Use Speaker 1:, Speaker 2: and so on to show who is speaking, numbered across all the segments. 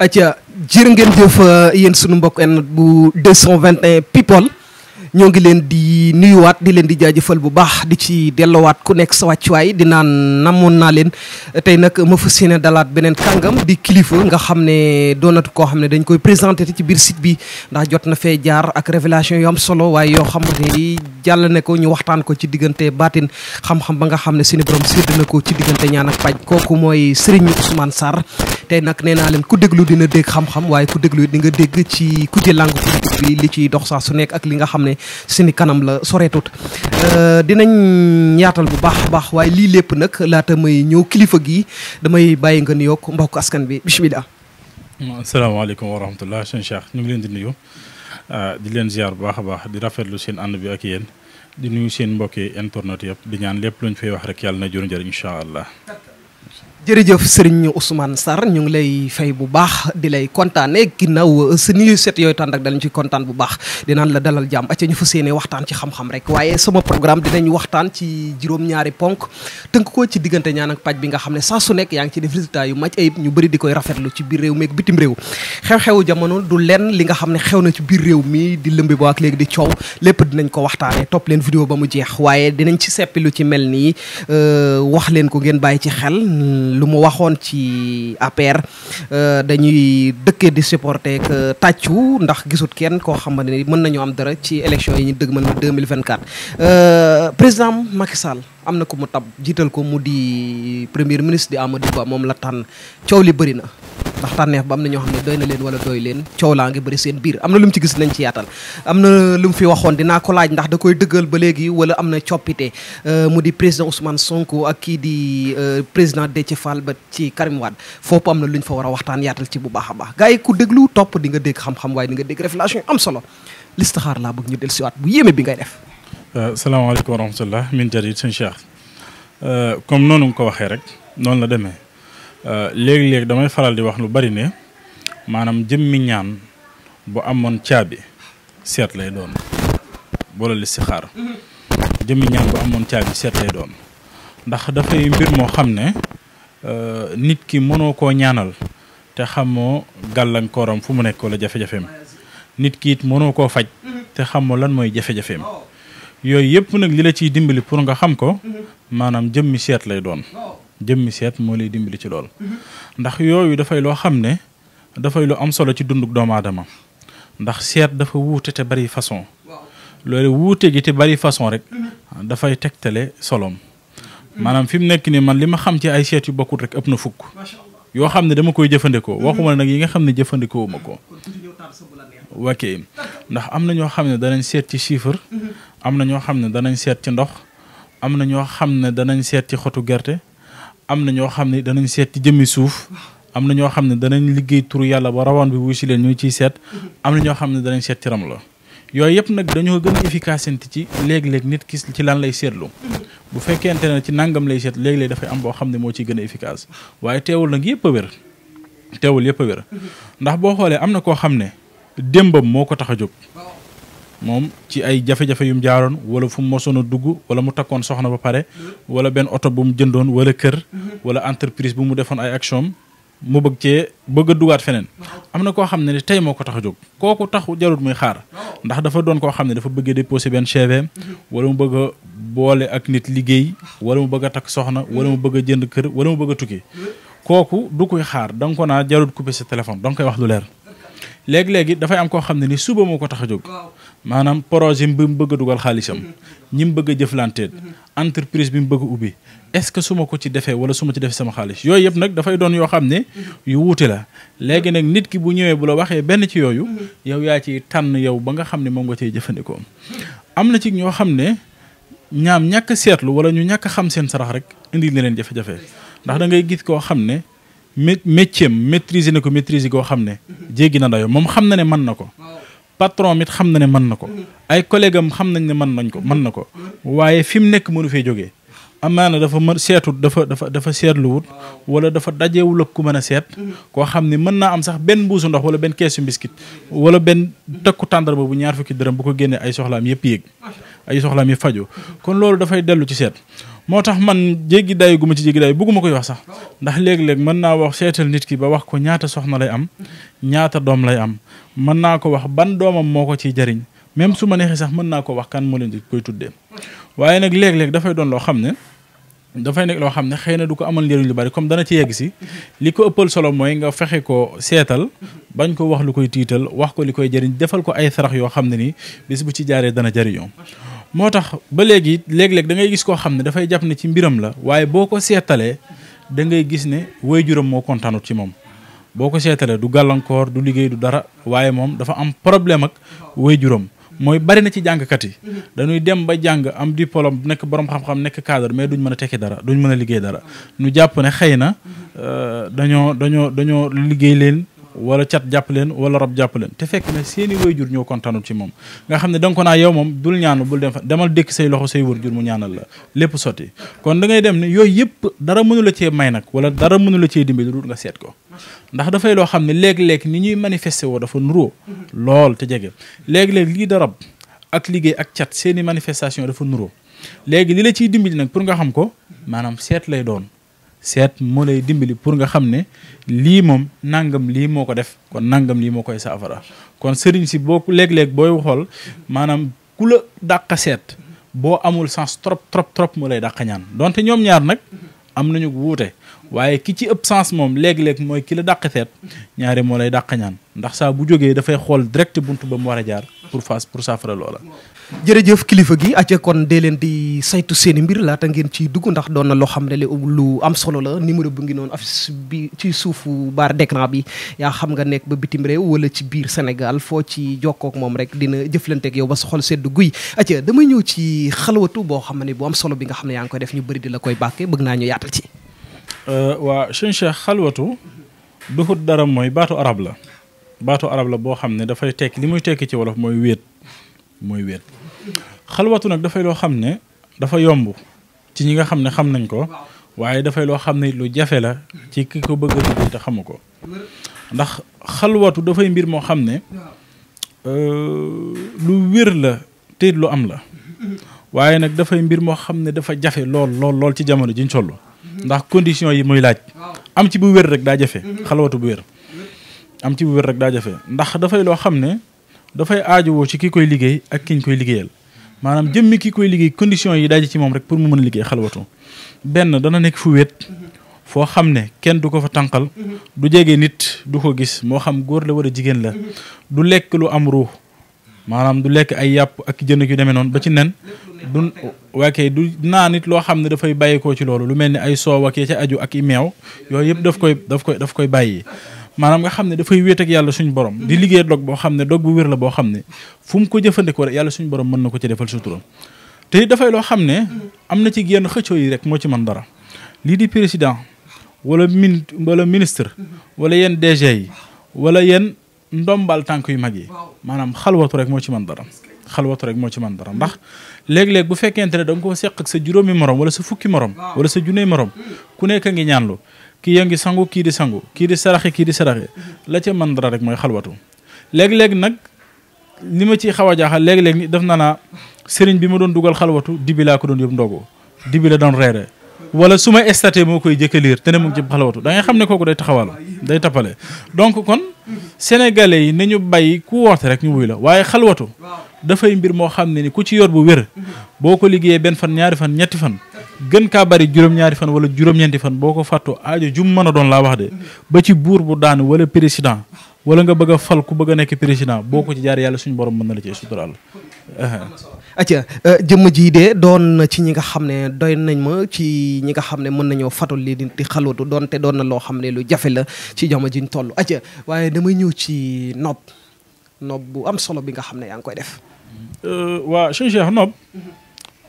Speaker 1: atia jërë ngeen jëf yéen sunu mbokk en bu 221 people ñoo ngi leen di nuyuwaat di leen di jaajëfal bu baax di ci dellowaat ku nekk sa wàccuwaay di naan namoon naa leen tey nag ma fas yéene dalaat beneen kàngam di kilifa nga xam ne doonatu koo xam ne dañ koy présenté ci biir sit bi ndax jot na fee jaar ak révélation yu am solo waaye yoo xam ne jàll ne ko ñu waxtaan ko ci diggante baatin xam-xam ba nga xam ne suñu borom sédd na ko ci diggante ñaan ak paj kooku mooy Serigne Ousmane saar tey nag nee naa leen ku déglu dina dégg xam waaye ku déglu di nga dégg ci kuje langue politique bi ciy dox saa su nekk ak li nga xam ne suñu kanam la soreetut euh, dinañ yaatal bu baax baax waaye lii lépp nag laata may ñëw kilifa gii damay bàyyi nga nuyoog mbokk askan bi bisimilah.
Speaker 2: asalaamaaleykum wa rahmatullah sëñ Cheikh ñu ngi leen di nuyu euh, di leen ziar bu baax a baax di rafetlu seen ànd bi ak yéen di nuyu seen mbokki internet yëpp di ñaan lépp luñ fay wax rek yàlla na jur njëriñ incha allah.
Speaker 1: jërëjëf sëriñ Ousmane Sarr ñu ngi lay fay bu baax di lay kontaane ginnaaw euh, sa nuyu set yooyu tànd ak dalañ ci kontaan bu baax dinaan la dalal jàmm aca ñu séene waxtaan ci xam rek waaye sama programme dinañ waxtaan ci juróom-ñaari ponk tënk ko ci diggante ñaan ak paj bi nga xam ne saa su nekk yaa ngi ci def résultat yu maj ayib ñu bëri di koy rafetlu ci biir réew mi ak bitim réew xew-xewu jamono du lenn li nga xam ne xew na ci biir réew mi di lëmbi ba ak léegi di coow lépp dinañ ko waxtaanee topp leen vidéo ba mu jeex waaye dinañ ci seppi lu ci mel nii euh, wax leen ko ngeen bàyyi ci xel lu mu waxoon ci APR euh, dañuy dëkkee di supporter que tàccu ndax gisut kenn koo xamante ni mën nañu am dara ci élection yi ñu dëgg dëgmal 2024 euh, président Macky Sall am na ko mu tab jiital ko mu di premier ministre di Amadou Ba moom la tànn coow li bëri na. ndax tànneef ba am na ñoo xam ne doy na leen wala doy leen coow laa ngi bëri seen biir am na lu mu ci gis nañ ci yaatal am na lu mu fi waxoon dinaa ko laaj ndax da koy dëggal ba léegi wala am na coppite euh, mu di président Ousmane Sonko ak kii di euh, président Déthié Fall ba ci Karim Wade foofu am na lu ñu fa war a waxtaan yaatal ci bu baax a baax gars yi ku déglu topp di nga dégg xam-xam waaye di nga dégg révélation am solo listixaar laa bëgg ñu del siwaat bu yéeme bi ngay def
Speaker 2: euh, salaamaaleykum wa rahmatullah min jadid sëñ Cheikh comme noonu nga ko waxee rek noonu la demee Euh, léegi-léegi damay faral di wax lu bari ne maanaam jëmmi ñaan bu amoon caabi seet lay doon boole listixaar jëmmi ñaan bu amoon caabi seet lay doon ndax dafay mbir moo xam ne euh, nit ki mënoo koo ñaanal te xamoo gàllankooram fu mu nekk wala jafe-jafeem nit ki it mënoo koo faj te xamoo lan mooy jafe-jafeem yooyu yëpp nag li la ciy dimbali pour nga xam ko maanaam jëmmi seet lay doon jëmmi seet moo lay dimbali ci lool mhm. ndax yooyu dafay loo xam ne dafay lu am solo ci dunduk doomu aadama ndax seet dafa wuute te bari façon loolu wuute gi te bari façon rek mhm. dafay tegtale solom mhm. maanaam fi mu nekk nii man li ma xam ci ay seet yu bokkut rek ëpp na fukk yoo xam ne dama koy jëfandikoo waxuma nag yi nga xam ne jëfandikoo ma ko ok ndax am na ñoo xam ne danañ seet ci chiffre am na ñoo xam ne danañ seet ci ndox am na ñoo xam ne danañ seet ci xotu gerte am na ñoo xam ne danañ seet ci jëmmi suuf am na ñoo xam ne danañ liggéey turu yàlla ba rawaan bi wuy si leen ñu ciy seet am na ñoo xam ne danañ seet ci ram yooyu yëpp nag dañoo gën a efficace ci léegi léeg nit ki ci lan lay seetlu bu fekkente ne ci nangam lay seet léeg-léeg dafay am boo xam ne moo ciy gën a efficace waaye teewul nag yëpp a wér teewul yëpp a wér ndax boo xoolee am na koo xam ne démbam moo ko tax a jóg moom ci ay jafe-jafe yu mu jaaroon wala fu mu mosoon a dugg wala mu takkoon soxna ba pare wala benn oto bu mu jëndoon wala kër wala entreprise bu mu defoon ay action mu bëgg cee bëgg a feneen am na koo xam ne ni tey moo ko tax a jóg kooku taxu jarut muy xaar ndax dafa doon koo xam ne dafa bëgg a déposé benn mhm. wala mu bëgg a boole ak nit liggéey wala mu bëgg a takk soxna wala mu bëgg a jënd kër wala mu bëgg a tukki mhm. kooku du kuy xaar da nga ko naa jarut coupé sa téléphone da koy wax lu leer léegi-léegi dafay am koo xam ne ni suba moo ko tax a jóg maanaam projet bi mu bëgg a dugal xaalisam ñi mu bëgg a jëflanteel entreprise bi mu bëgg a ubbi est-ce que su ma ko ci defee wala su ma ci defee sama xaalis yooyu yëpp nag dafay doon yoo xam ne yu wuute la léegi nag nit ki bu ñëwee bu la waxee benn ci yooyu yow yaa ci tànn yow ba nga xam ne moom nga cay jëfandikoo am na ci ñoo xam ne ñaam ñàkk seetlu wala ñu ñàkk xam seen sarax rek indi na leen jafe-jafe ndax da ngay gis koo xam ne mét métier maîtriser na ko maîtriser koo xam ne jéggi na dayoo moom xam na ne mën na ko patron mit xam na ne mën na ko ay collègue am xam nañ ne mën nañ ko mën na ko waaye fi mu nekk mënu fee jógee ne dafa mën seetu dafa dafa dafa seetluwut wala dafa dajewul ak ku mën a seet koo xam ne mën naa am sax benn mbuusu ndox wala benn keesu mbiskit wala benn takku tàndarba bu ñaar fukki dërëm bu ko génnee ay soxlaam yëpp yéeg ay soxlaam yëpp fajo kon loolu dafay dellu ci seet moo tax man jéggi dayu gu ci jéggi dayu bëgguma koy wax sax ndax léegi léeg mën naa wax seetal nit ki ba wax ko ñaata soxna lay am ñaata doom lay am mën naa ko wax ban doomam moo ko ciy jariñ même su ma neexee sax mën naa ko wax kan moo leen di koy tuddee waaye nag léeg-léeg dafay doon loo xam ne dafay nekk loo xam ne xëy na du ko amal njëriñ lu bari comme dana ci yegg si li ko ëppal solo mooy nga fexe ko seetal bañ ko wax lu koy tiital wax ko li koy jëriñ defal ko ay sarax yoo xam ne ni bis bu ci jaaree dana jëriñoo moo tax ba léegi léeg-léeg da ngay gis koo xam ne dafay jàpp ne ci mbiram la waaye boo ko seetalee da ngay gis ne waajuram moo kontaanut ci moom boo ko seetalee du gàllankoor du liggéey du dara waaye moom dafa am problème ak juróom mooy bari na ci jàngkat yi dañuy dem ba jàng am diplôme nekk borom xam-xam nekk cadre mais duñ mën a tekki dara duñ mën a liggéey dara ñu jàpp ne xëy na euh, dañoo dañoo dañoo liggéey leen wala cat jàpp leen wala rab jàpp te fekk na seeni wayjur ñoo kontaanul ci moom nga xam ne da ko naa yow moom bul ñaanu bul dem fa demal dëkk say loxo say wër jur mu ñaanal la lépp sotti kon dangay ngay dem ne yooyu yëpp dara mënu la cee may nag wala dara mënu la cee dimbali dul nga seet ko ndax dafay loo xam ne léeg-léeg ni ñuy manifesté woo dafa nuroo lool te jege léeg-léeg lii da rab ak liggéey ak cat seeni manifestation dafa nuróo léegi li la ciy dimbali nag pour nga xam ko maanaam seet lay doon seet moo lay dimbali pour nga xam ne lii moom nangam lii moo ko def kon nangam lii moo koy saafara kon sëriñ si boo léeg-léeg booy waxool maanaam ku la dàq seet boo amul sens trop trop trop mu lay dàq ñaan donte ñoom ñaar nag am nañu wuute waaye ki ci ëpp sens moom léeg-léeg mooy ki la dàq seet ñaari moo lay dàq ñaan ndax saa bu jógee dafay xool direct bunt ba war a jaar pour face pour saafara loola.
Speaker 1: jërëjëf kilifa gi acca kon dee leen di saytu seen i mbir laata ngeen ci dugg ndax doon na loo xam ne lu am solo la numéro bu ngi noonu affiche bi ci suufu barre d'écran bi yaa xam nga nekk ba bitim réew wala ci biir Sénégal foo ci jokkook moom rek dina jëflanteeg yow ba sa xol seddu guy acca damay ñëw ci xalwatu boo xam ne bu solo bi nga xam ne yaa ngi koy def ñu bëri di la koy bàkke bëgg naa ñu yaatal ci. Euh, waa sëñ Cheikh xalwatu. duhut dara mooy
Speaker 2: baatu arab la. baatu arab la boo xam ne dafay tekki li muy tekki ci wolof mooy wéet mooy wéet xalwatu nag dafay loo xam ne dafa yomb ci ñi nga xam ne xam nañ ko waaye dafay loo xam ne lu jafe la ci ki ko bëgg a te xamu ko ndax xalwatu dafay mbir moo xam ne euh, lu wér la te lu am la waaye nag dafay mbir moo xam ne dafa jafe lool lool lool ci jamono jiñ toll ndax condition yi muy laaj am ci bu wér rek daa jafe xalwatu bu wér am ci bu wér rek daa jafe ndax dafay loo xam ne dafay aajowoo ci ki koy liggéey ak ki ñu koy liggéeyal maanaam jëmm ki koy liggéey condition yi daje ci moom rek pour mu mën a liggéey xalwatu benn dana nekk fu wéet foo xam ne kenn du ko fa tànqal du jege nit du ko gis moo xam góor la war a jigéen la du lekk lu am ruux maanaam du lekk ay yàpp ak jën yu demee noonu ba ci nen du du naa nit loo xam ne dafay bàyyeekoo ci loolu lu mel ni ay soow ak ya ca ak i meew yooyu yëpp daf koy daf koy daf koy bàyyi maanaam nga xam ne dafay wéet ak yàlla suñu borom di liggéey dog boo xam ne dog bu wér la boo xam ne fu mu ko jëfandikoo rek yàlla suñu borom mën na ko ci defal suturam te it dafay loo xam ne am na ci génn xëccoo yi rek moo ci man dara lii di président wala min wala ministre wala yenn DG yi wala yenn ndombal tànk yu mag yi maanaam xalwatu rek moo ci man dara xalwatu rek moo ci man dara ndax léeg-léeg bu fekkente ne da ko seq ak sa juróomi morom wala sa fukki morom wala sa junne morom ku nekk ngi ñaanlu kii yaa ngi sangu kii di sangu kii di saraxe kii di saraxe la ca man dara rek mooy xalwatu léeg-léeg nag li ma ci xaw a jaaxal léeg-léeg ni def na naa sëriñ bi ma doon dugal xalwatu dibi laa ko doon yóbbu ndogu dibi la doon reere wala su ma statut moo koy jëkk liir te ne mu ngi ci xalawatu da ngay xam ne kooku day taxawaalu day tappale donc kon sénégalais yi ñu bàyyi ku woote rek ñu wuy la waaye xalwatu dafay mbir moo xam ne ni ku ci yor bu wér boo ko liggéeyee benn fan ñaari fan ñetti fan gën kaa bari juróom-ñaari fan wala juróom-ñeenti fan boo ko fàttoo aajo jum mën a doon laa wax de ba ci buur bu daan wala président wala nga bëgg fal ku bëgg a nekk président boo ko ci jaar yàlla suñu borom mën na la ci suturaal.
Speaker 1: acca euh, jëmm jii de doon na ci ñi nga xam ne doy nañ ma ci ñi nga xam ne mën nañoo fatul lii di xalootu doon te doon na loo xam ne lu jafe la ci jamono jiñ tollu acca waaye damay ñëw ci nopp nopp bu am solo bi nga xam ne yaa ngi koy def. Euh, waa Cheikh Cheikh nopp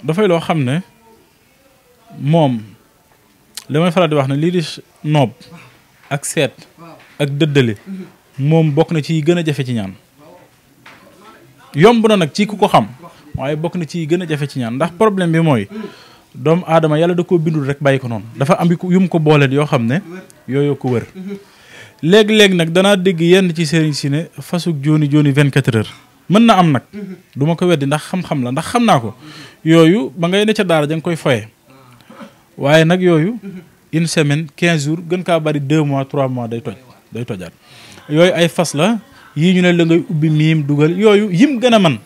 Speaker 1: dafay loo xam ne moom
Speaker 2: li may faral di wax ne lii di nopp ak seet ak dëddale moom bokk na ci gën a jafe ci ñaan yomb na nag ci ku ko xam waaye bokk na ci gën a jafe ci ñaan ndax problème bi mooy doomu aadama yàlla da koo bindul rek bàyyi ko noonu dafa am yu mu ko booleel yoo xam ne yooyu ko wër léeg-léeg nag danaa dégg yenn ci sëriñ si ne fasug jooni vingt 24 heures mën na am nag duma ko weddi ndax xam-xam la ndax xam naa ko yooyu ba ngay ne ca daara ja nga koy foye waaye nag yooyu une semaine quinze jours gën kaa bari 2 mois 3 mois day toj day tojaat. yooyu ay fas la yii ñu ne la ngay ubbi miim dugal yooyu yim gën a man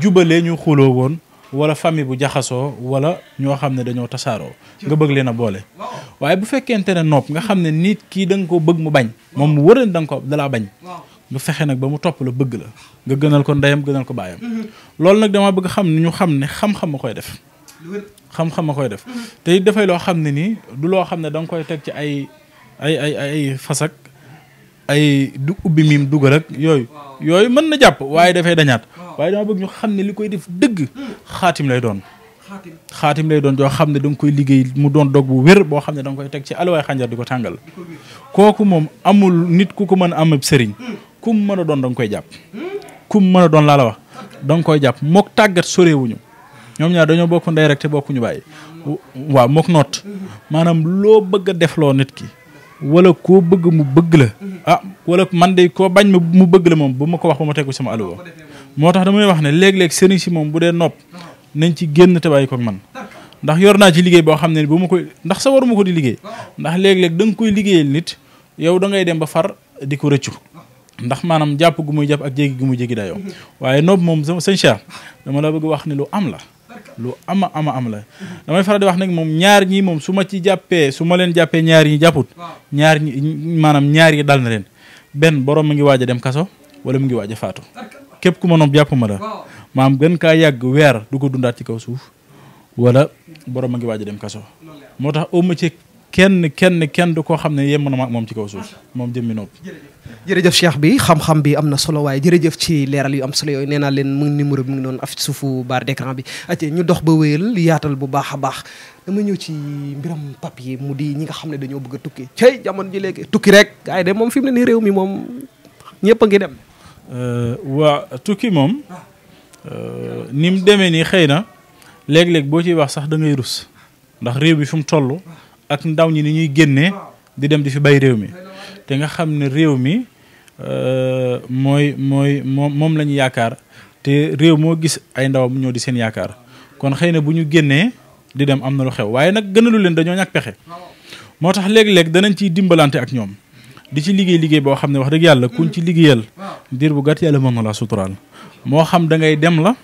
Speaker 2: jubalee ñu xuloo woon wala famille bu jaxasoo wala ñoo xam ne dañoo tasaaroo nga bëgg leen a boole waaye bu fekkente ne nopp nga xam ne nit kii da ko bëgg mu bañ moom mu wëran da nga ko dalaa bañ nga fexe nag ba mu topp la bëgg la nga gënal ko ndeyam gënal ko baayam loolu nag dama bëgg xam ne ñu xam ne xam-xam ma koy def xam-xam koy def te it dafay loo xam ne nii du loo xam ne danga koy teg ci ay ay ay fasak ay du ubbi miim dugal ak yooyu yooyu mën na jàpp waaye hmm. dafay dañaat waaye dama bëgg ñu xam ne li koy def dëgg hmm. xaatim lay doon xaatim lay doon joo xam ne da koy liggéey mu doon dog bu wér boo xam ne da koy teg ci alawaay xànjar di ko tàngal kooku moom amul nit ku ko mën a am ab sëriñ hmm. kum mën a doon da koy jàpp kum mën a doon laa la wax da nga koy jàpp mook tàggat soreewuñu ñoom ñaar dañoo bokk ndey rek te bokkuñu bàyyi waaw mook noot maanaam loo bëgg a defloo nit ki wala koo bëgg mu bëgg la mhm. ah wala man de koo bañ ma mu bëgg la moom bu ma ko wax ba ma tegu sama alluwa moo tax damay wax ne léeg-léeg sëriñ si moom bu dee nopp nañ ci génn te bàyyi ko man ndax yor naa ci liggéey boo xam ne bu ma koy ndax sa waruma ko di liggéey ndax léeg-léeg da koy liggéeyal nit yow da ngay dem ba far di ko rëccu ndax maanaam jàpp gu muy jàpp ak jéggi gu mu jéggi dayoo mhm. waaye nopp moom sëñ Cheikh dama la bëgg wax ne lu am la lu ama ama am la damay faral di wax nag moom ñaar ñi moom su ma ci jàppee su ma leen jàppee ñaar ñi jàpput ñaar ñi maanaam ñaari dal na leen benn borom mi ngi waaj a dem kaso wala mu ngi waaj a faatu képp ku ma noom jàpp ma la maam gën kaa yàgg weer du ko dundaat ci kaw suuf wala borom a ngi waaj dem kaso moo tax
Speaker 1: au métier kenn kenn kenn du koo xam ne yem na ma moom ci kaw suuf moom jëmmi nopp jërëjëf Cheikh bi xam-xam bi am na solo waaye jërëjëf ci leeral yu am solo yooyu nee naa leen mu ngi numéro bi mu ngi noonu af ci suufu barre d'écran bi ate ñu dox ba wéyal yaatal bu baax a baax dama ñëw ci mbiram papier mu di ñi nga xam ne dañoo bëgg a tukki cey jamono ji léegi tukki rek gars de moom fi mu ne nii mi moom
Speaker 2: ñëpp a ngi dem euh, waa tukki moom ah. euh, ni demee nii xëy na léeg-léeg boo ciy wax sax da rus ndax réew bi fu mu toll ah. ak ndaw ñi ni ñuy génnee ah. di dem di fi bay réew mi te nga xam ne réew mi euh, mooy mooy moom moom la ñu yaakaar te réew moo gis ay ndawam ñoo di seen yaakaar kon xëy na bu ñu génnee di dem am na lu xew waaye nag gënalu leen dañoo ñàkk pexe moo tax léeg-léeg danañ ciy dimbalante ak ñoom di ci liggéey liggéey boo xam ne wax dëgg yàlla kuñ ci liggéeyal diir bu gàtt yàlla mën na laa suturaal moo xam da ngay dem la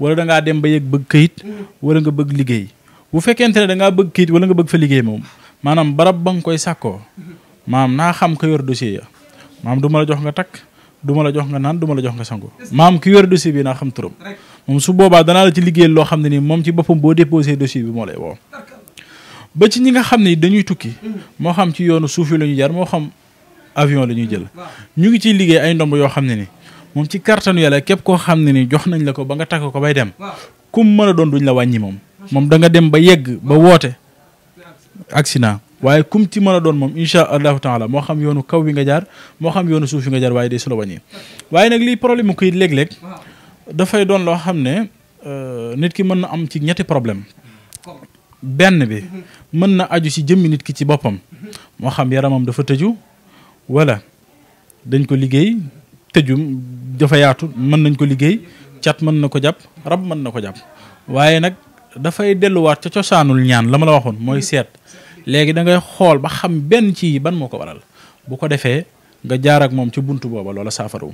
Speaker 2: wala dangaa dem ba yëg bëgg kayit wala nga bëgg liggéey bu fekkente ne da ngaa bëgg këyit wala nga bëgg fa liggéey moom maanaam barab ba nga koy sàkkoo maam naa xam ka yor dossier ya maam du la jox nga takk duma la jox nga naan duma la jox nga sangu maam ki yor dossier bi naa xam turam moom su boobaa danaa la ci liggéey loo xam ne nii moom ci boppam boo déposé dossier bi moo lay ci ñi nga xam ne dañuy tukki moo xam ci yoonu suuf yi la moo xam avion la ñuy jël ñu ngi ciy liggéey ay ndomb yoo xam ne ni moom ci kartanu yàlla képp koo xam ne ni jox nañ la ko ba nga takk ko bay dem kum mën a doon duñ la wàññi moom moom danga dem ba yegg ba woote naa waaye kum ci mën a doon moom incha allahu taala moo xam yoonu kaw bi nga jaar moo xam yoonu suuf bi nga jaar waaye day su la wàññi waaye nag lii problème mu léeg-léeg dafay doon loo xam ne euh, nit ki mën na am ci ñetti problème benn bi mën na aju si jëmmi nit ki ci boppam moo xam yaramam dafa tëju wala dañ ko liggéey tëju dafa yaatu mën nañ ko liggéey cat mën na ko jàpp rab mën na ko jàpp waaye nag dafay delluwaat ca cosaanul ñaan la ma la waxoon mooy seet léegi da ngay xool ba xam benn ci ban moo ko waral bu ko defee nga jaar ak moom ci bunt booba loola saafara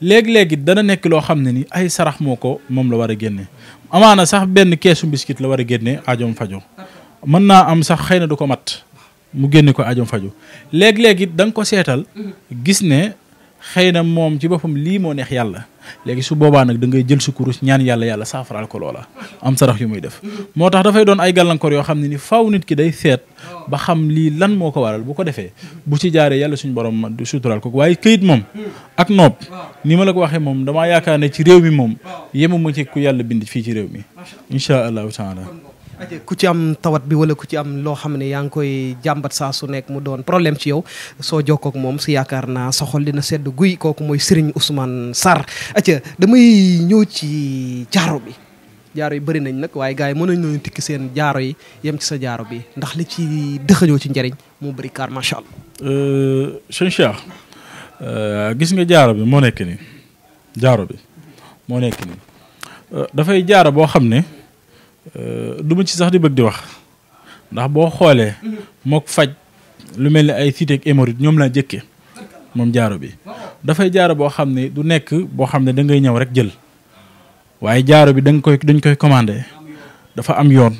Speaker 2: léegi-léegi dana nekk loo xam ne ni ay sarax moo ko moom la war a génne amaana sax benn keesu mbiskit la war a génne ajoom fajo mën naa am sax xëy na du ko mat mu génne ko ajoom fajo léegi-léegi danga ko seetal mhm. gis ne xëy na moom ci boppam lii moo neex yàlla léegi su boobaa nag da ngay jël si kurus ñaan yàlla yàlla saafaraal ko loola am sarax yu muy def moo tax dafay doon ay gàllankoor yoo xam ne ni faw nit ki day seet ba xam lii lan moo ko waral bu ko defee bu ci jaaree yàlla suñu boroom ma suturaal ko waaye kayit moom ak noob ni ma la ko waxee moom damaa yaakaar ne ci réew mi moom yemuma ci ku yàlla bind fii ci réew mi incha allahu taala
Speaker 1: ku ci am tawat bi wala ku ci am loo xam ne yaa ngi koy jàmbat saa su nekk mu doon problème ci yow soo jokkoo ak moom si yaakaar naa soxol dina sedd guy kooku mooy Serigne Ousmane sar atia damay ñëw ci jaaro bi jaaro yi bëri nañ nag waaye gars yi mën nañ tikki seen jaaro yi yem ci sa jaaro bi ndax li ci dëxañoo ci njëriñ moo bëri kaar macha allah. Euh, sëñ Cheikh
Speaker 2: euh, gis nga jaaro bi moo nekk nii jaaro bi moo nekk nii euh, dafay jaaro boo xam ne. Euh, du ma ci sax di bëgg di wax ndax boo xoolee mhm. mook faj lu mel ni ay cité ak hémorroïde ñoom laa jëkkee moom jaaro bi dafay jaaro boo xam ne du nekk boo xam ne dangay ñëw rek jël waaye jaaro bi da koy dañ koy commandé dafa am yoon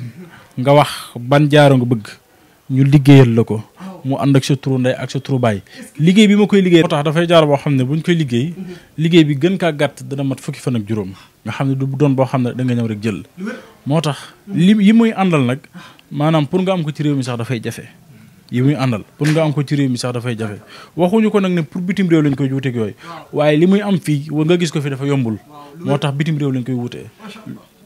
Speaker 2: nga wax ban jaaro nga bëgg ñu liggéeyal la ko mu ànd ak sa turu ndey ak sa turu baay liggéey bi ma koy liggéey moo tax dafay jaaro boo xam ne buñ koy liggéey mhm. liggéey bi gën kaa gàtt dana mat fukki fan ak juróom nga xam ne du doon boo xam ne da nga ñëw rek jël moo tax li yi muy àndal nag maanaam pour nga am ko ci réew mi sax dafay jafe yi muy àndal pour nga am ko ci réew mi sax dafay jafe waxuñu ko nag ne pour bitim réew lañ koy wuteeg yooyu waaye li muy am fii nga gis ko fi dafa yombul moo tax bitim réew lañ koy wutee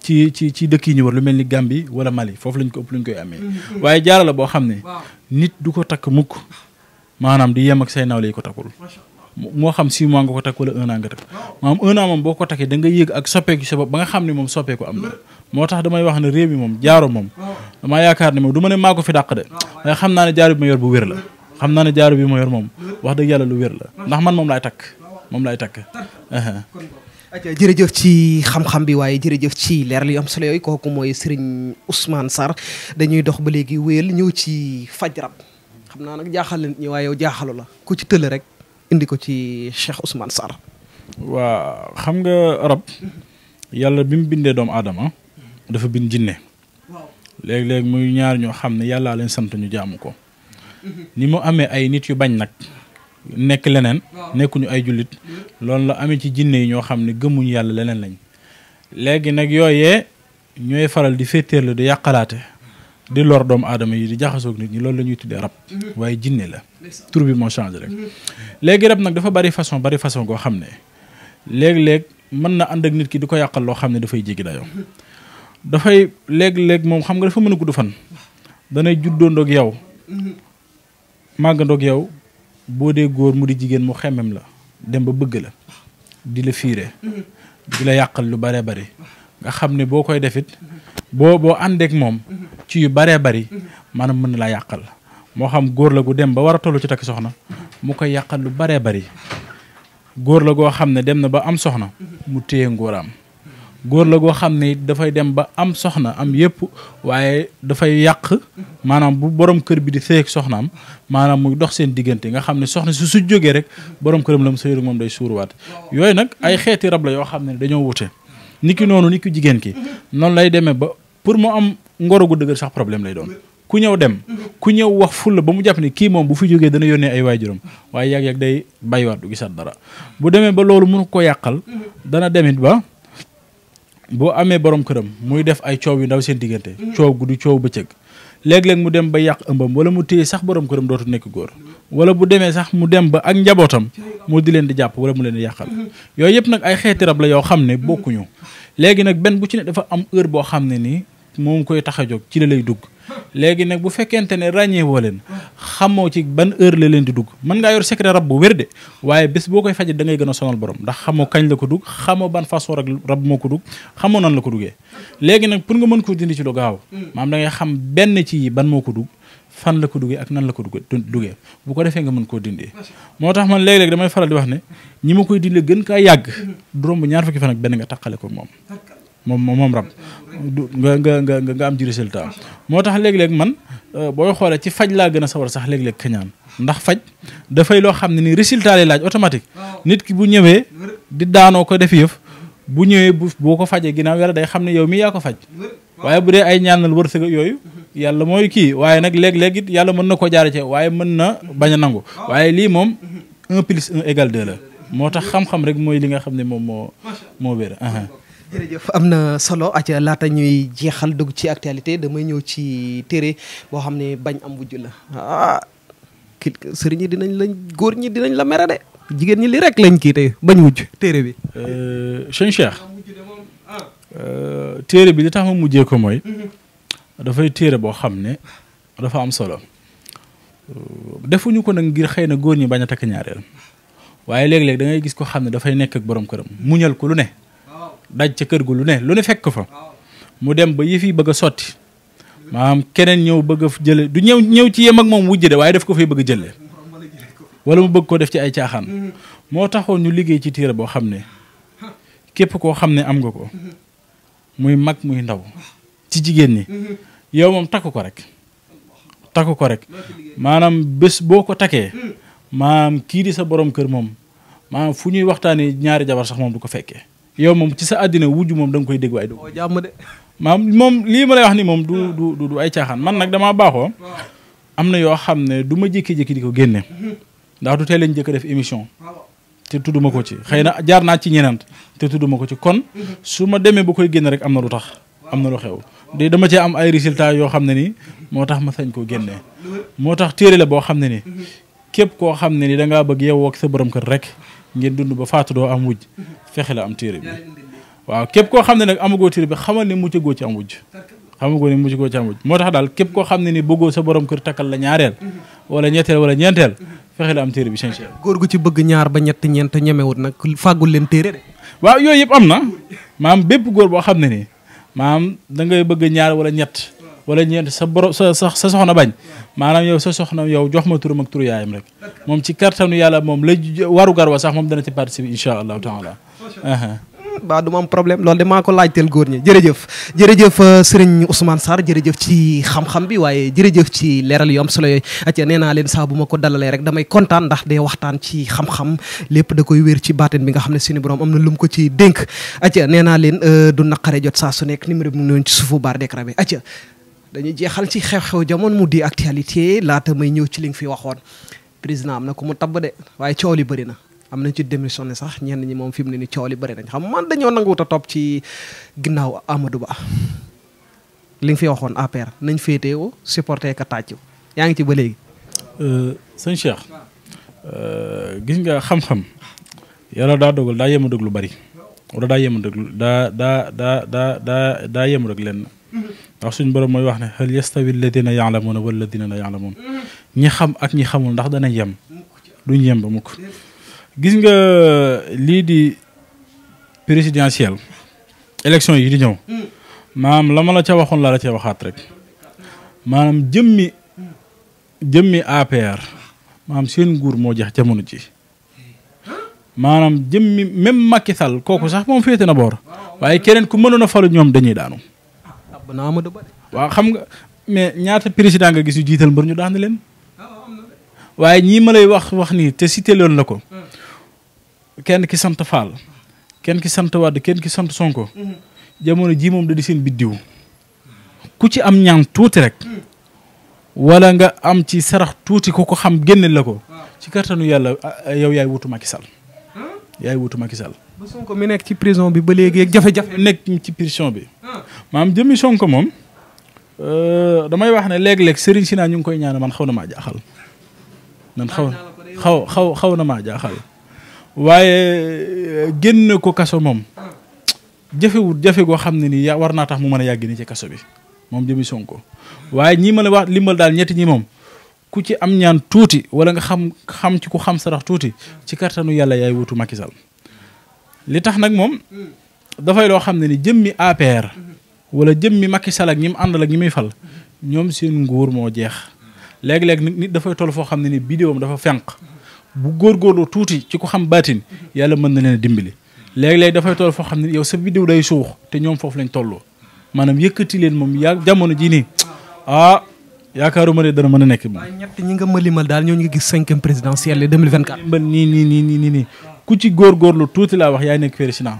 Speaker 2: ci ci ci dëkk yi ñu war lu mel ni gàmbi wala Mali foofu lañ ko ëpp lañ koy amee mm-hmm, mm-hmm. waaye jaara boo xam ne nit du ko takk mukk maanaam di yem ak say nawle yi ko takkul moo xam six mois nga ko takk wala un an nga takk maanaam un an moom boo ko takkee da nga yëg ak soppeeku sa bopp ba nga xam ne moom soppeeku am na moo tax damay wax ne réew mi moom jaaro moom damaa yaakaar ne moom du ne maa fi dàq de naa ne jaaro bi ma yor la xam naa ne jaaro bi ma moom wax dëgg yàlla lu la ndax man moom
Speaker 1: laay takk moom laay takk aca jërëjëf ci xam-xam bi waaye jërëjëf ci leer li am solo yooyu kooku mooy Serigne Ousmane sar dañuy dox ba léegi wéyal ñëw ci faj rab xam naa nag jaaxal nit ñi waaye yow la ku ci tëll rek indi ko ci Cheikh Ousmane Sarr.
Speaker 2: waa xam nga rab yàlla bi mu bindee doomu aadama dafa bind jinne léeg-léeg muy ñaar ñoo xam ne yàllaa leen sant ñu jaamu ko ni mu amee ay nit yu bañ nag nekk leneen nekkuñu ay jullit loolu la amee ci jinne yi ñoo xam ne gëmuñu yàlla leneen lañ léegi nag yooyee ñooy faral di féetéerlu du yàqalaate di lor doomu aadama yi di jaxasoog nit ñi loolu la ñuy tuddee rab mhm. waaye jinne la tur bi moo changé rek mhm. léegi rab nag dafa bari façon bari façon koo xam ne léeg-léeg mën na ànd ak nit ki di ko yàqal loo xam ne dafay jéggi dayoo dafay léeg-léeg moom xam nga dafa mën a gudd fan danay juddoondoog yow mhm. màggandoog yow boo dee góor mu di jigéen mu xemem la dem ba bëgg la di la fiire di la yàqal lu bare bare ah. nga xam ne boo koy defit boo boo àndeek moom ci yu baree bari maanaam mën na laa yàqal moo xam góor la gu dem ba war a tollu ci takk soxna mu koy yàqal lu baree bari góor la goo xam ne dem na ba am soxna mu téye ngóoraam góor la goo xam ne dafay dem ba am soxna am yépp waaye dafay yàq maanaam bu borom kër bi di sëyeeg soxnaam maanaam muy dox seen diggante nga xam ne soxna su su jógee rek borom këram la mu sëyeeg moom day suurwaat yooyu nag ay xeeti rab la yoo xam ne dañoo wute. ni ki noonu ni ki jigéen ki noonu lay demee ba pour mu am ngoro gu dëgër sax problème lay doon ku ñëw dem ku ñëw wax fulla ba mu jàpp ni kii moom bu fi jógee dana yónnee ay waajuram waaye yàgg-yàgg day bàyyiwaat du gisaat dara bu demee ba loolu mënu ko yàqal dana demit ba boo amee borom këram muy def ay coow yu ndaw seen diggante coow guddi coow bëccëg léeg-léeg mu dem ba yàq ëmbam wala mu téye sax borom këram dootu nekk góor wala bu demee sax mu dem ba ak njabootam mu di leen di jàpp wala mu leen di yàqal yooyu yëpp nag ay xeeti rab la yoo xam ne bokkuñu léegi nag benn bu ci ne dafa am heure boo xam ne nii moom koy tax a jóg ci la lay dugg léegi nag bu fekkente ne ràññeewoo woo leen xamoo ci ban heure la leen di dugg mën ngaa yor secret rab bu wér de waaye bés boo koy faje da ngay gën a sonal borom ndax xamoo kañ la ko dugg xamoo ban façon rek rab moo ko dugg xamoo nan la ko duggee léegi nag pour nga mën koo dindi ci lu gaaw maam da ngay xam benn ci ban moo ko dugg fan la ko duggee ak nan la ko dugg duggee bu ko defee nga mën koo dindee moo tax man léeg-léeg damay faral di wax ne ñi ma koy dindee gën kaa yàgg du romb ñaar fukki fan ak nga taqale ko moom moom moom rab nga nga nga am ci résultat moo tax léegi léeg man euh, booy xoolee ci faj laa gën a sawar sax léegi léeg kañaan ndax faj dafay loo xam ne ni résultat lay laaj automatique nit ki bu ñëwee di daanoo ko def yëf bu ñëwee bu boo ko fajee ginnaaw yàlla day xam ne yow mii yaa ko faj waaye bu dee ay ñaanal wërsëg yooyu yàlla mooy kii waaye nag léeg léegit yàlla mën na ko jaare ci waaye mën na bañ a nangu waaye lii moom un plus un égal deux
Speaker 1: la moo tax xam-xam rek mooy li nga xam ne moom moo moo jërëjëf am na solo aca laata ñuy jeexal dugg ci actualité damay ñëw ci téere boo xam ne bañ am wujj la ah ki dinañ lañ góor ñi dinañ la mere de jigéen ñi li rek lañ kii tey bañ wujj téere bi. Euh, sëñ Cheikh
Speaker 2: euh, téere bi li tax ma mujjee ko mooy mhm. dafay téere boo xam ne dafa am solo euh, defuñu ko nag ngir xëy na góor ñi bañ a takk ñaareel waaye léeg-léeg da ngay gis ko xam ne dafay nekk ak borom këram muñal ko lu ne. daj ca kër gu lu ne lu ne fekk fa mu dem ba yëf yi bëgg a sotti maanaam keneen ñëw bëgg a jële du ñëw ñëw ci yem ak moom wujj de waaye daf ko fay bëgg a jële wala mu bëgg koo def ci ay caaxaan moo taxoon ñu liggéey ci téere boo xam ne képp koo xam ne am nga ko muy mag muy ndaw ci jigéen ñi yow moom takk ko rek takk ko rek maanaam bés boo ko takkee maanaam kii di sa borom kër moom maanaam fu ñuy waxtaanee ñaari jabar sax moom du ko fekkee yow moom ci sa àddina wujj moom danga koy dégg waaye du oh, jàmm de maam moom lii ma lay wax ni moom du du du ay caaxaan man nag damaa baaxoo am na yoo xam ne du ma jékki-jékki di ko génne ndax du tey lañ jëkk def émission te tudduma ko ci xëy na jaar naa ci ñenant te tudduma ko ci kon su ma demee ba koy génne rek am na lu tax am na lu xew de dama cee am ay résultats yoo xam ne ni moo tax ma sañ koo génne moo tax téere la boo xam ne ni képp koo xam ne ni dangaa bëgg yow ak sa borom kër rek ngeen dund ba faatu doo am wujj fexe la am téere bi waaw képp koo xam ne nag amagoo téere bi xamal ne mucc goo ci am wujj xamagoo ne mucc goo ci am wujj moo tax daal képp koo xam ne ni bëggoo sa borom kër takkal la ñaareel wala ñetteel wala ñeenteel fexe la am téere bi seen cher
Speaker 1: góor gu ci bëgg ñaar ba ñett ñeent ñemewut nag fàggul leen téere de waaw yooyu yëpp am na maam bépp góor boo xam ne
Speaker 2: ni maam da ngay bëgg ñaar wala ñett wala ñeent sa borom sa sa sa soxna bañ maanaam yow sa soxna yow jox ma turu ak turu yaayam rek moom ci kartanu yàlla moom la waru wa
Speaker 1: sax moom dana ci participer incha allahu taala baa du ma am problème loolu de maa ko laajteel góor ñi jërëjëf jërëjëf euh, sëriñ Ousmane saar jërëjëf ci xam-xam bi waaye jërëjëf ci leeral yu am solo yooyu acca nee naa leen saa bu ma ko dalalee rek damay kontaan ndax day waxtaan ci xam-xam lépp da koy wér ci baatin bi nga xam ne suñu borom am na lum ko ci dénk acca nee naa leen euh, du naqare jot saa su nekk bi mu noonu ci suufu baar bi acca dañu jeexal ci xew-xew jamono mu di actualité laata may ñëw ci li nga fi waxoon président am na ko mu tab de waaye coow yi bëri na am nañ ci démissionné sax ñenn ñi moom fi mu ne ni coow li bëri nañ xam man dañoo nanguwut a topp ci ginnaaw Amadou Ba li nga fi waxoon APR nañ féetewoo supporté ka tàcc yaa ngi ci ba léegi. Euh, sëñ Cheikh euh, gis nga xam-xam
Speaker 2: yàlla daa dogal daa yem a dog lu bari wala daa yem a dog daa daa daa daa daa yem a dog ndax suñu borom mooy wax ne hal yastawi alladina yaalamuuna walladina la yaalamuun ñi xam ak ñi xamul ndax dana yem duñ yem ba mukk gis nga lii di présidentielle élection yi di ñëw maanaam lama la ca waxoon la la ca waxaat rek maanaam jëmmi jëmmi APR maam seen nguur moo jeex jamono ji maanaam jëmmi même Macky Sall kooku sax moom feete na boor waaye keneen ku mënoon a falu ñoom dañuy daanu jàpp na Amadou Ba waaw xam nga mais ñaata président nga gis yu jiital mbër ñu daan leen. waaye ñii ma lay wax wax nii te cité loon la ko. kenn ki sant Fall. kenn ki sant Wade kenn ki sant Sonko. jamono jii moom da di seen biddiw. ku ci am ñaan tuuti rek. wala nga am ci sarax tuuti ku ko xam génne la ko. ci kattanu yàlla yow yaay wutu Macky Sall. yaay wutu Macky Sall. ba nekk ci prison bi ba léegi ak jafe-jafe. nekk ci prison bi. maam jëmmi Sonko moom euh, damay wax ne léeg-léeg Serigne Sina ñu ngi koy ñaan man xaw na maa jaaxal man xaw xaw xaw xaw na maa jaaxal waaye euh, génn ko kaso moom jafewut jafe goo xam ne nii ya war naa tax mu mën a yàgg ni ci kaso bi moom jëmmi Sonko waaye ñi ma la wax limbal daal ñetti ñi moom ku ci am ñaan tuuti wala nga xam xam ci ku xam sarax tuuti ci kattanu yàlla yaay wutu makisal li tax nag moom dafay loo xam ne ni jëmmi APR. wala jëmmi Macky Sall ak ñi mu àndal ak ñi muy fal ñoom seen nguur moo jeex léeg-léeg nit dafay toll foo xam ne ni bidéwam dafa fenq bu góor góorgóorlu tuuti ci ko xam baatin yàlla mën na leen a dimbali léeg-léeg dafay toll foo xam ne yow sa bidéw day suux te ñoom foofu lañ tolloo maanaam yëkkati leen moom yaa jamono jii nii ah yaakaaruma ne dana mën a nekk moom.
Speaker 1: ñett ñi nga mëlimal daal ñoo ngi gis présidentielle 2024. nii nii nii nii nii ku ci góorgóorlu tuuti laa wax yaay nekk président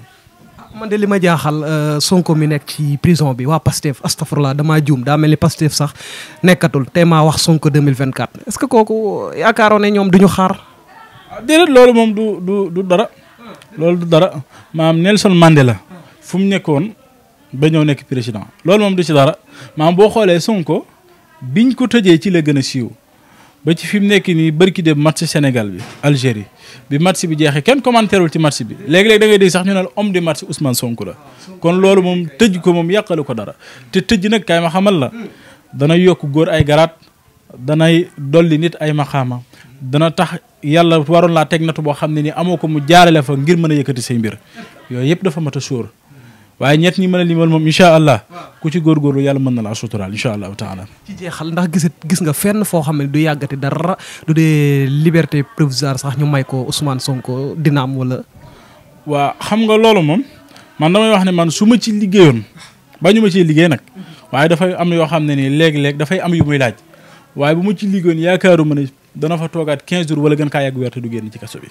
Speaker 1: man de li ma jaaxal euh, Sonko mi nekk ci prison bi waa Pastef astafurlah damaa juum daa mel ni Pastef sax nekkatul tey maa wax Sonko 2024 est-ce que kooku yaakaaroon ne ñoom duñu xaar. Ah, déedéet loolu moom du du
Speaker 2: du dara. loolu du dara maam Nelson Mandela fu mu nekkoon ba ñëw nekk président loolu moom du ci dara maam boo xoolee Sonko biñ ko tëjee ci la gën a siiw ba ci fi mu nekk nii bërki dem match Sénégal bi Algérie. bi match bi jeexee kenn commentéerul ci match bi léegi-léegi da ngay dégg sax ñu ne la homme du match Ousmane Sonko la kon loolu moom tëj ko moom yàqalu ko dara te tëj nag kaay ma xamal la dana yokk góor ay garaat danay dolli nit ay maxaama dana tax yàlla waroon laa teg natu boo xam ne ni amoo ko mu jaarale fa ngir mën a yëkkati say mbir yooyu yëpp dafa mat a sóor waaye ñett ñi man a limal moom incha allah ku ci góorgóorlu yàlla mën na laa suturaal incha allahu taala
Speaker 1: ci jeexal ndax gis gis nga fenn foo xam ne du yàggati dara du dee liberté provisoire sax ñu may ko Ousmane Sonko dina am wala. waa xam nga loolu moom man damay wax ne man su ma ci liggéeyoon
Speaker 2: ba ñu ma ciy liggéey nag waaye dafay am yoo xam ne nii léeg-léeg dafay am yu muy laaj waaye bu ma ci liggéeyoon ma ne dana fa toogaat 15 jours wala gën kaa yàgg weer du génn ci kaso bi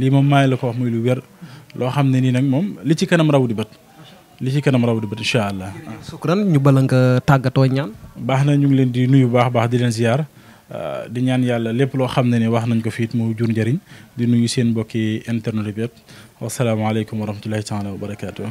Speaker 2: lii moom maay la ko wax muy lu wér loo xam ne nii nag moom li ci kanam raw di bët li ci kanam raw di bët incha allah. sukran ñu bala nga tàggatoo ñaan. baax na ñu ngi leen di nuyu baax baax di leen ziar euh, di ñaan yàlla lépp loo xam ne ne wax nañ ko fiit mu jur njariñ di nuyu seen mbokki internet bi yëpp wasalaamaaleykum wa rahmatullahi taala wa barakaatu.